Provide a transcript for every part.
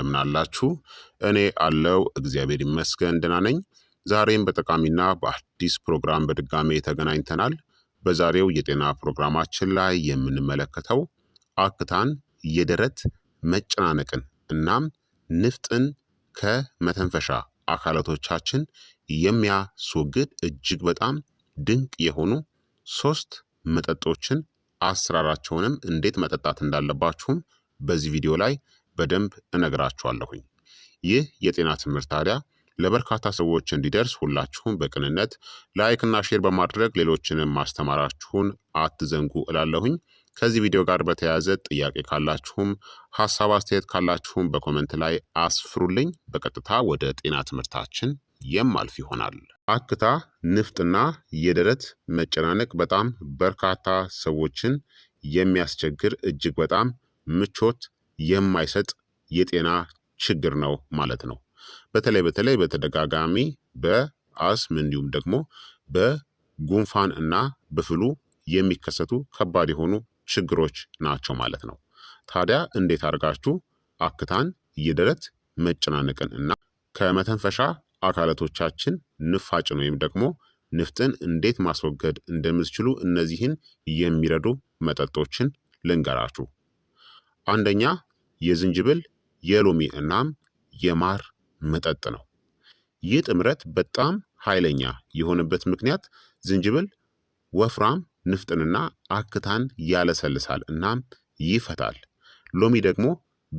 እንደምናላችሁ እኔ አለው እግዚአብሔር ይመስገን ደህና ነኝ። ዛሬም በጠቃሚና በአዲስ ፕሮግራም በድጋሜ ተገናኝተናል። በዛሬው የጤና ፕሮግራማችን ላይ የምንመለከተው አክታን፣ የደረት መጨናነቅን እናም ንፍጥን ከመተንፈሻ አካላቶቻችን የሚያስወግድ እጅግ በጣም ድንቅ የሆኑ ሶስት መጠጦችን አሰራራቸውንም እንዴት መጠጣት እንዳለባችሁም በዚህ ቪዲዮ ላይ በደንብ እነግራችኋለሁኝ። ይህ የጤና ትምህርት ታዲያ ለበርካታ ሰዎች እንዲደርስ ሁላችሁም በቅንነት ላይክና ሼር በማድረግ ሌሎችንም ማስተማራችሁን አትዘንጉ እላለሁኝ። ከዚህ ቪዲዮ ጋር በተያያዘ ጥያቄ ካላችሁም ሀሳብ አስተያየት ካላችሁም በኮመንት ላይ አስፍሩልኝ። በቀጥታ ወደ ጤና ትምህርታችን የማልፍ ይሆናል። አክታ፣ ንፍጥና የደረት መጨናነቅ በጣም በርካታ ሰዎችን የሚያስቸግር እጅግ በጣም ምቾት የማይሰጥ የጤና ችግር ነው ማለት ነው። በተለይ በተለይ በተደጋጋሚ በአስም እንዲሁም ደግሞ በጉንፋን እና በፍሉ የሚከሰቱ ከባድ የሆኑ ችግሮች ናቸው ማለት ነው። ታዲያ እንዴት አድርጋችሁ አክታን፣ የደረት መጨናነቅን እና ከመተንፈሻ አካላቶቻችን ንፋጭን ወይም ደግሞ ንፍጥን እንዴት ማስወገድ እንደምትችሉ እነዚህን የሚረዱ መጠጦችን ልንገራችሁ። አንደኛ የዝንጅብል፣ የሎሚ እናም የማር መጠጥ ነው። ይህ ጥምረት በጣም ኃይለኛ የሆነበት ምክንያት ዝንጅብል ወፍራም ንፍጥንና አክታን ያለሰልሳል እናም ይፈታል። ሎሚ ደግሞ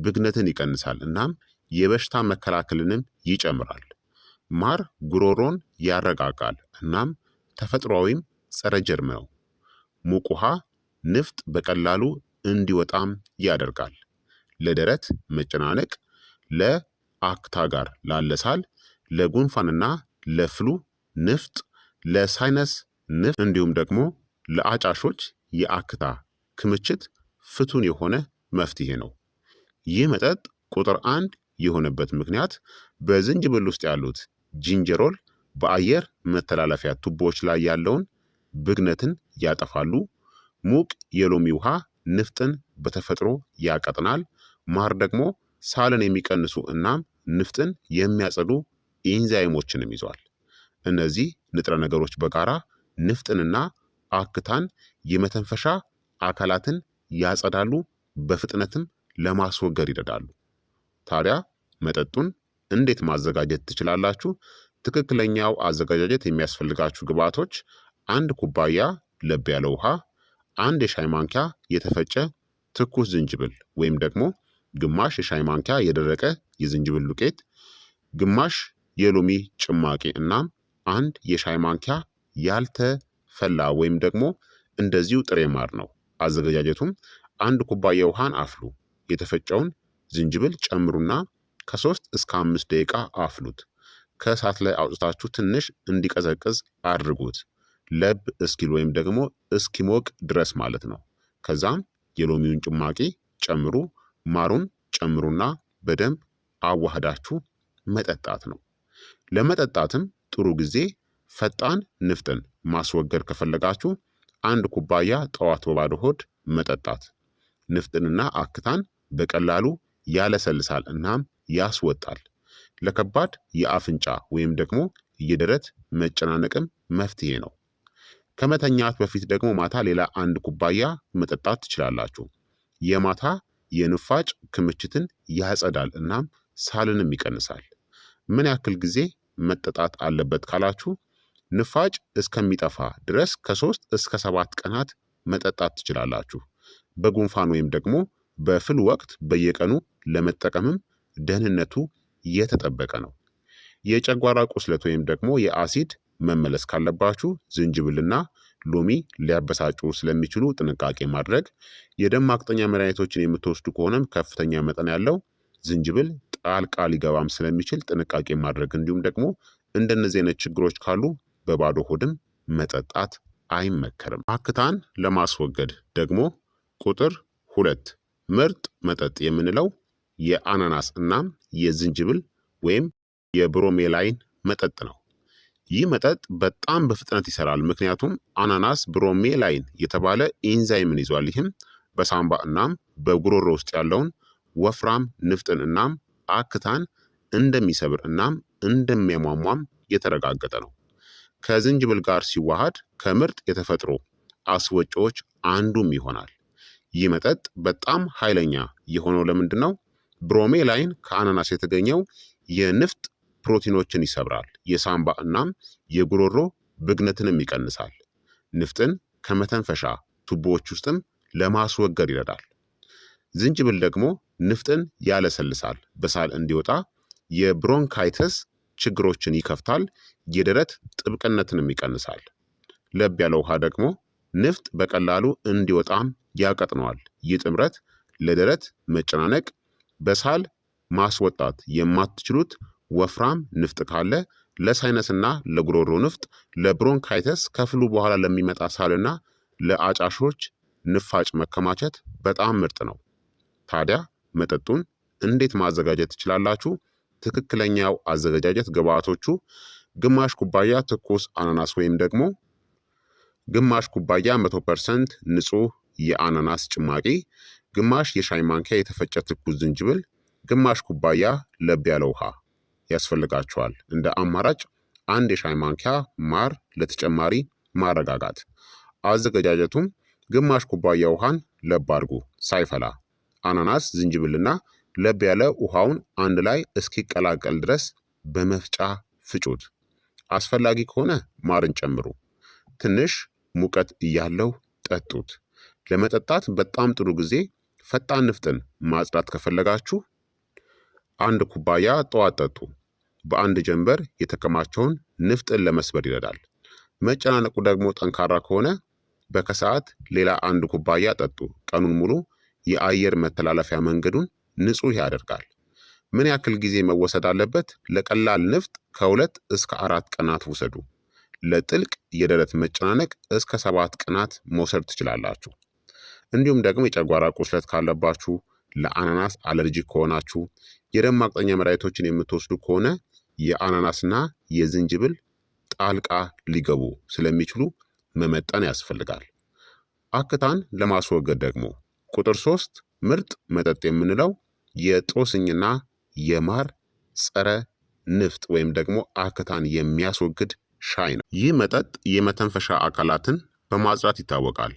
ብግነትን ይቀንሳል እናም የበሽታ መከላከልንም ይጨምራል። ማር ጉሮሮን ያረጋጋል እናም ተፈጥሯዊም ጸረ ጀርም ነው። ሙቅ ውሃ ንፍጥ በቀላሉ እንዲወጣም ያደርጋል። ለደረት መጨናነቅ፣ ጋር ላለ ሳል፣ ለጉንፋንና ለፍሉ ንፍጥ፣ ለሳይነስ ንፍጥ እንዲሁም ደግሞ ለአጫሾች የአክታ ክምችት ፍቱን የሆነ መፍትሄ ነው። ይህ መጠጥ ቁጥር አንድ የሆነበት ምክንያት በዝንጅብል ውስጥ ያሉት ጂንጀሮል በአየር መተላለፊያ ቱቦዎች ላይ ያለውን ብግነትን ያጠፋሉ። ሙቅ የሎሚ ውሃ ንፍጥን በተፈጥሮ ያቀጥናል። ማር ደግሞ ሳልን የሚቀንሱ እናም ንፍጥን የሚያጸዱ ኢንዛይሞችንም ይዟል። እነዚህ ንጥረ ነገሮች በጋራ ንፍጥንና አክታን የመተንፈሻ አካላትን ያጸዳሉ፣ በፍጥነትም ለማስወገድ ይረዳሉ። ታዲያ መጠጡን እንዴት ማዘጋጀት ትችላላችሁ? ትክክለኛው አዘጋጃጀት የሚያስፈልጋችሁ ግብዓቶች አንድ ኩባያ ለብ ያለ ውሃ፣ አንድ የሻይ ማንኪያ የተፈጨ ትኩስ ዝንጅብል ወይም ደግሞ ግማሽ የሻይ ማንኪያ የደረቀ የዝንጅብል ዱቄት፣ ግማሽ የሎሚ ጭማቂ እናም አንድ የሻይ ማንኪያ ያልተፈላ ወይም ደግሞ እንደዚሁ ጥሬ ማር ነው። አዘገጃጀቱም አንድ ኩባያ ውሃን አፍሉ። የተፈጨውን ዝንጅብል ጨምሩና ከሶስት እስከ አምስት ደቂቃ አፍሉት። ከእሳት ላይ አውጥታችሁ ትንሽ እንዲቀዘቅዝ አድርጉት፣ ለብ እስኪል ወይም ደግሞ እስኪሞቅ ድረስ ማለት ነው። ከዛም የሎሚውን ጭማቂ ጨምሩ። ማሩን ጨምሩና በደንብ አዋህዳችሁ መጠጣት ነው። ለመጠጣትም ጥሩ ጊዜ ፈጣን ንፍጥን ማስወገድ ከፈለጋችሁ አንድ ኩባያ ጠዋት በባዶ ሆድ መጠጣት ንፍጥንና አክታን በቀላሉ ያለሰልሳል እናም ያስወጣል። ለከባድ የአፍንጫ ወይም ደግሞ የደረት መጨናነቅም መፍትሄ ነው። ከመተኛት በፊት ደግሞ ማታ ሌላ አንድ ኩባያ መጠጣት ትችላላችሁ። የማታ የንፋጭ ክምችትን ያጸዳል እናም ሳልንም ይቀንሳል። ምን ያክል ጊዜ መጠጣት አለበት ካላችሁ ንፋጭ እስከሚጠፋ ድረስ ከሶስት እስከ ሰባት ቀናት መጠጣት ትችላላችሁ። በጉንፋን ወይም ደግሞ በፍል ወቅት በየቀኑ ለመጠቀምም ደህንነቱ የተጠበቀ ነው። የጨጓራ ቁስለት ወይም ደግሞ የአሲድ መመለስ ካለባችሁ ዝንጅብልና ሎሚ ሊያበሳጩ ስለሚችሉ ጥንቃቄ ማድረግ፣ የደም ማቅጠኛ መድኃኒቶችን የምትወስዱ ከሆነም ከፍተኛ መጠን ያለው ዝንጅብል ጣልቃ ሊገባም ስለሚችል ጥንቃቄ ማድረግ፣ እንዲሁም ደግሞ እንደነዚህ አይነት ችግሮች ካሉ በባዶ ሆድም መጠጣት አይመከርም። አክታን ለማስወገድ ደግሞ ቁጥር ሁለት ምርጥ መጠጥ የምንለው የአናናስ እናም የዝንጅብል ወይም የብሮሜላይን መጠጥ ነው። ይህ መጠጥ በጣም በፍጥነት ይሰራል፣ ምክንያቱም አናናስ ብሮሜላይን የተባለ ኢንዛይምን ይዟል። ይህም በሳምባ እናም በጉሮሮ ውስጥ ያለውን ወፍራም ንፍጥን እናም አክታን እንደሚሰብር እናም እንደሚያሟሟም የተረጋገጠ ነው። ከዝንጅብል ጋር ሲዋሃድ ከምርጥ የተፈጥሮ አስወጪዎች አንዱም ይሆናል። ይህ መጠጥ በጣም ኃይለኛ የሆነው ለምንድን ነው? ብሮሜላይን ከአናናስ የተገኘው የንፍጥ ፕሮቲኖችን ይሰብራል። የሳምባ እናም የጉሮሮ ብግነትንም ይቀንሳል። ንፍጥን ከመተንፈሻ ቱቦዎች ውስጥም ለማስወገድ ይረዳል። ዝንጅብል ደግሞ ንፍጥን ያለሰልሳል፣ በሳል እንዲወጣ፣ የብሮንካይተስ ችግሮችን ይከፍታል፣ የደረት ጥብቅነትንም ይቀንሳል። ለብ ያለ ውሃ ደግሞ ንፍጥ በቀላሉ እንዲወጣም ያቀጥነዋል። ይህ ጥምረት ለደረት መጨናነቅ፣ በሳል ማስወጣት የማትችሉት ወፍራም ንፍጥ ካለ ለሳይነስና ለጉሮሮ ንፍጥ፣ ለብሮንካይተስ፣ ከፍሉ በኋላ ለሚመጣ ሳልና ለአጫሾች ንፋጭ መከማቸት በጣም ምርጥ ነው። ታዲያ መጠጡን እንዴት ማዘጋጀት ትችላላችሁ? ትክክለኛው አዘገጃጀት ግብአቶቹ ግማሽ ኩባያ ትኩስ አናናስ ወይም ደግሞ ግማሽ ኩባያ 100% ንጹህ የአናናስ ጭማቂ፣ ግማሽ የሻይ ማንኪያ የተፈጨ ትኩስ ዝንጅብል፣ ግማሽ ኩባያ ለብ ያለ ውሃ ያስፈልጋቸዋል። እንደ አማራጭ አንድ የሻይ ማንኪያ ማር ለተጨማሪ ማረጋጋት። አዘገጃጀቱም ግማሽ ኩባያ ውሃን ለብ አድርጉ ሳይፈላ፣ አናናስ፣ ዝንጅብልና ለብ ያለ ውሃውን አንድ ላይ እስኪቀላቀል ድረስ በመፍጫ ፍጩት። አስፈላጊ ከሆነ ማርን ጨምሩ። ትንሽ ሙቀት እያለው ጠጡት። ለመጠጣት በጣም ጥሩ ጊዜ ፈጣን ንፍጥን ማጽዳት ከፈለጋችሁ አንድ ኩባያ ጠዋት ጠጡ። በአንድ ጀንበር የተከማቸውን ንፍጥን ለመስበር ይረዳል። መጨናነቁ ደግሞ ጠንካራ ከሆነ በከሰዓት ሌላ አንድ ኩባያ ጠጡ። ቀኑን ሙሉ የአየር መተላለፊያ መንገዱን ንጹህ ያደርጋል። ምን ያክል ጊዜ መወሰድ አለበት? ለቀላል ንፍጥ ከሁለት እስከ አራት ቀናት ውሰዱ። ለጥልቅ የደረት መጨናነቅ እስከ ሰባት ቀናት መውሰድ ትችላላችሁ። እንዲሁም ደግሞ የጨጓራ ቁስለት ካለባችሁ ለአናናስ አለርጂክ ከሆናችሁ፣ የደም ማቅጠኛ መድኃኒቶችን የምትወስዱ ከሆነ የአናናስና የዝንጅብል ጣልቃ ሊገቡ ስለሚችሉ መመጠን ያስፈልጋል። አክታን ለማስወገድ ደግሞ ቁጥር ሶስት ምርጥ መጠጥ የምንለው የጦስኝና የማር ጸረ ንፍጥ ወይም ደግሞ አክታን የሚያስወግድ ሻይ ነው። ይህ መጠጥ የመተንፈሻ አካላትን በማጽዳት ይታወቃል።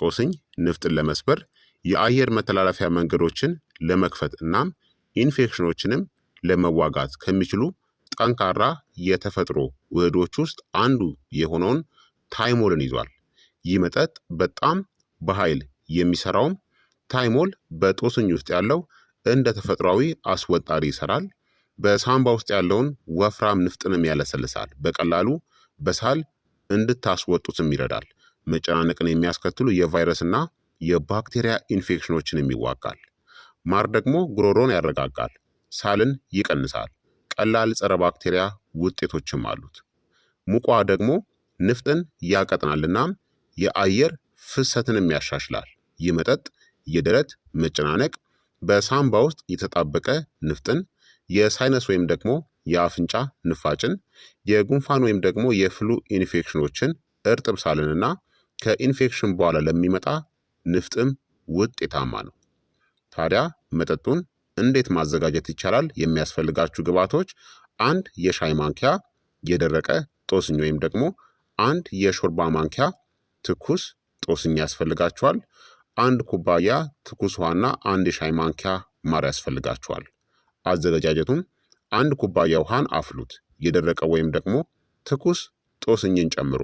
ጦስኝ ንፍጥን ለመስበር የአየር መተላለፊያ መንገዶችን ለመክፈት እናም ኢንፌክሽኖችንም ለመዋጋት ከሚችሉ ጠንካራ የተፈጥሮ ውህዶች ውስጥ አንዱ የሆነውን ታይሞልን ይዟል። ይህ መጠጥ በጣም በኃይል የሚሰራውም ታይሞል በጦስኝ ውስጥ ያለው እንደ ተፈጥሯዊ አስወጣሪ ይሰራል። በሳምባ ውስጥ ያለውን ወፍራም ንፍጥንም ያለሰልሳል። በቀላሉ በሳል እንድታስወጡትም ይረዳል። መጨናነቅን የሚያስከትሉ የቫይረስና የባክቴሪያ ኢንፌክሽኖችንም ይዋጋል። ማር ደግሞ ጉሮሮን ያረጋጋል፣ ሳልን ይቀንሳል። ቀላል ጸረ ባክቴሪያ ውጤቶችም አሉት። ሙቋ ደግሞ ንፍጥን ያቀጥናል እናም የአየር ፍሰትንም ያሻሽላል። ይህ መጠጥ የደረት መጨናነቅ፣ በሳምባ ውስጥ የተጣበቀ ንፍጥን፣ የሳይነስ ወይም ደግሞ የአፍንጫ ንፋጭን፣ የጉንፋን ወይም ደግሞ የፍሉ ኢንፌክሽኖችን፣ እርጥብ ሳልንና ከኢንፌክሽን በኋላ ለሚመጣ ንፍጥም ውጤታማ ነው። ታዲያ መጠጡን እንዴት ማዘጋጀት ይቻላል? የሚያስፈልጋችሁ ግብዓቶች አንድ የሻይ ማንኪያ የደረቀ ጦስኝ ወይም ደግሞ አንድ የሾርባ ማንኪያ ትኩስ ጦስኝ ያስፈልጋችኋል። አንድ ኩባያ ትኩስ ውሃና አንድ የሻይ ማንኪያ ማር ያስፈልጋችኋል። አዘገጃጀቱም አንድ ኩባያ ውሃን አፍሉት። የደረቀ ወይም ደግሞ ትኩስ ጦስኝን ጨምሩ።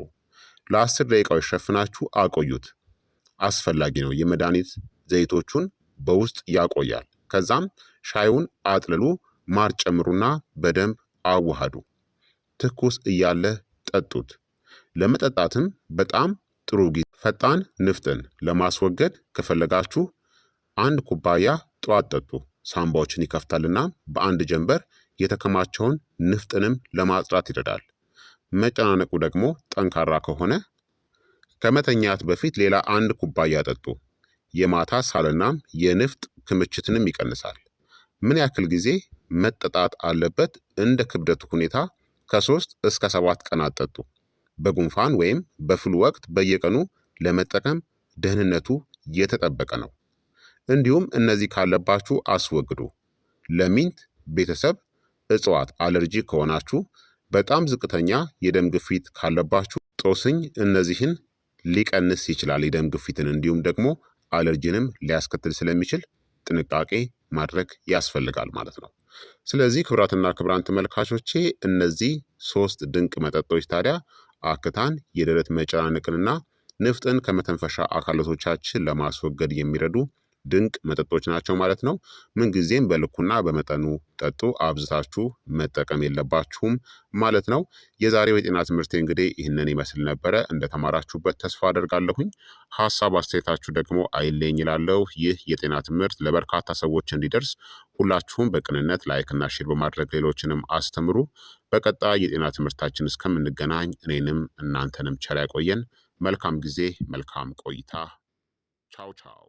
ለአስር ደቂቃዎች ሸፍናችሁ አቆዩት። አስፈላጊ ነው። የመድኃኒት ዘይቶቹን በውስጥ ያቆያል። ከዛም ሻዩን አጥልሉ፣ ማር ጨምሩና በደንብ አዋሃዱ። ትኩስ እያለ ጠጡት። ለመጠጣትም በጣም ጥሩ ጊዜ። ፈጣን ንፍጥን ለማስወገድ ከፈለጋችሁ አንድ ኩባያ ጠዋት ጠጡ። ሳምባዎችን ይከፍታልና በአንድ ጀንበር የተከማቸውን ንፍጥንም ለማጽዳት ይረዳል። መጨናነቁ ደግሞ ጠንካራ ከሆነ ከመተኛት በፊት ሌላ አንድ ኩባያ ጠጡ። የማታ ሳልናም የንፍጥ ክምችትንም ይቀንሳል። ምን ያክል ጊዜ መጠጣት አለበት? እንደ ክብደቱ ሁኔታ ከሶስት እስከ ሰባት ቀናት ጠጡ። በጉንፋን ወይም በፍሉ ወቅት በየቀኑ ለመጠቀም ደህንነቱ የተጠበቀ ነው። እንዲሁም እነዚህ ካለባችሁ አስወግዱ። ለሚንት ቤተሰብ እጽዋት አለርጂ ከሆናችሁ፣ በጣም ዝቅተኛ የደም ግፊት ካለባችሁ፣ ጦስኝ እነዚህን ሊቀንስ ይችላል። የደም ግፊትን እንዲሁም ደግሞ አለርጂንም ሊያስከትል ስለሚችል ጥንቃቄ ማድረግ ያስፈልጋል ማለት ነው። ስለዚህ ክቡራትና ክቡራን ተመልካቾቼ እነዚህ ሶስት ድንቅ መጠጦች ታዲያ አክታን፣ የደረት መጨናነቅንና ንፍጥን ከመተንፈሻ አካላቶቻችን ለማስወገድ የሚረዱ ድንቅ መጠጦች ናቸው ማለት ነው። ምንጊዜም በልኩና በመጠኑ ጠጡ፣ አብዝታችሁ መጠቀም የለባችሁም ማለት ነው። የዛሬው የጤና ትምህርት እንግዲህ ይህንን ይመስል ነበረ። እንደተማራችሁበት ተስፋ አደርጋለሁኝ። ሀሳብ አስተያየታችሁ ደግሞ አይለኝ ይላለው። ይህ የጤና ትምህርት ለበርካታ ሰዎች እንዲደርስ ሁላችሁም በቅንነት ላይክና ሼር በማድረግ ሌሎችንም አስተምሩ። በቀጣይ የጤና ትምህርታችን እስከምንገናኝ እኔንም እናንተንም ቸር ያቆየን። መልካም ጊዜ፣ መልካም ቆይታ። ቻው ቻው።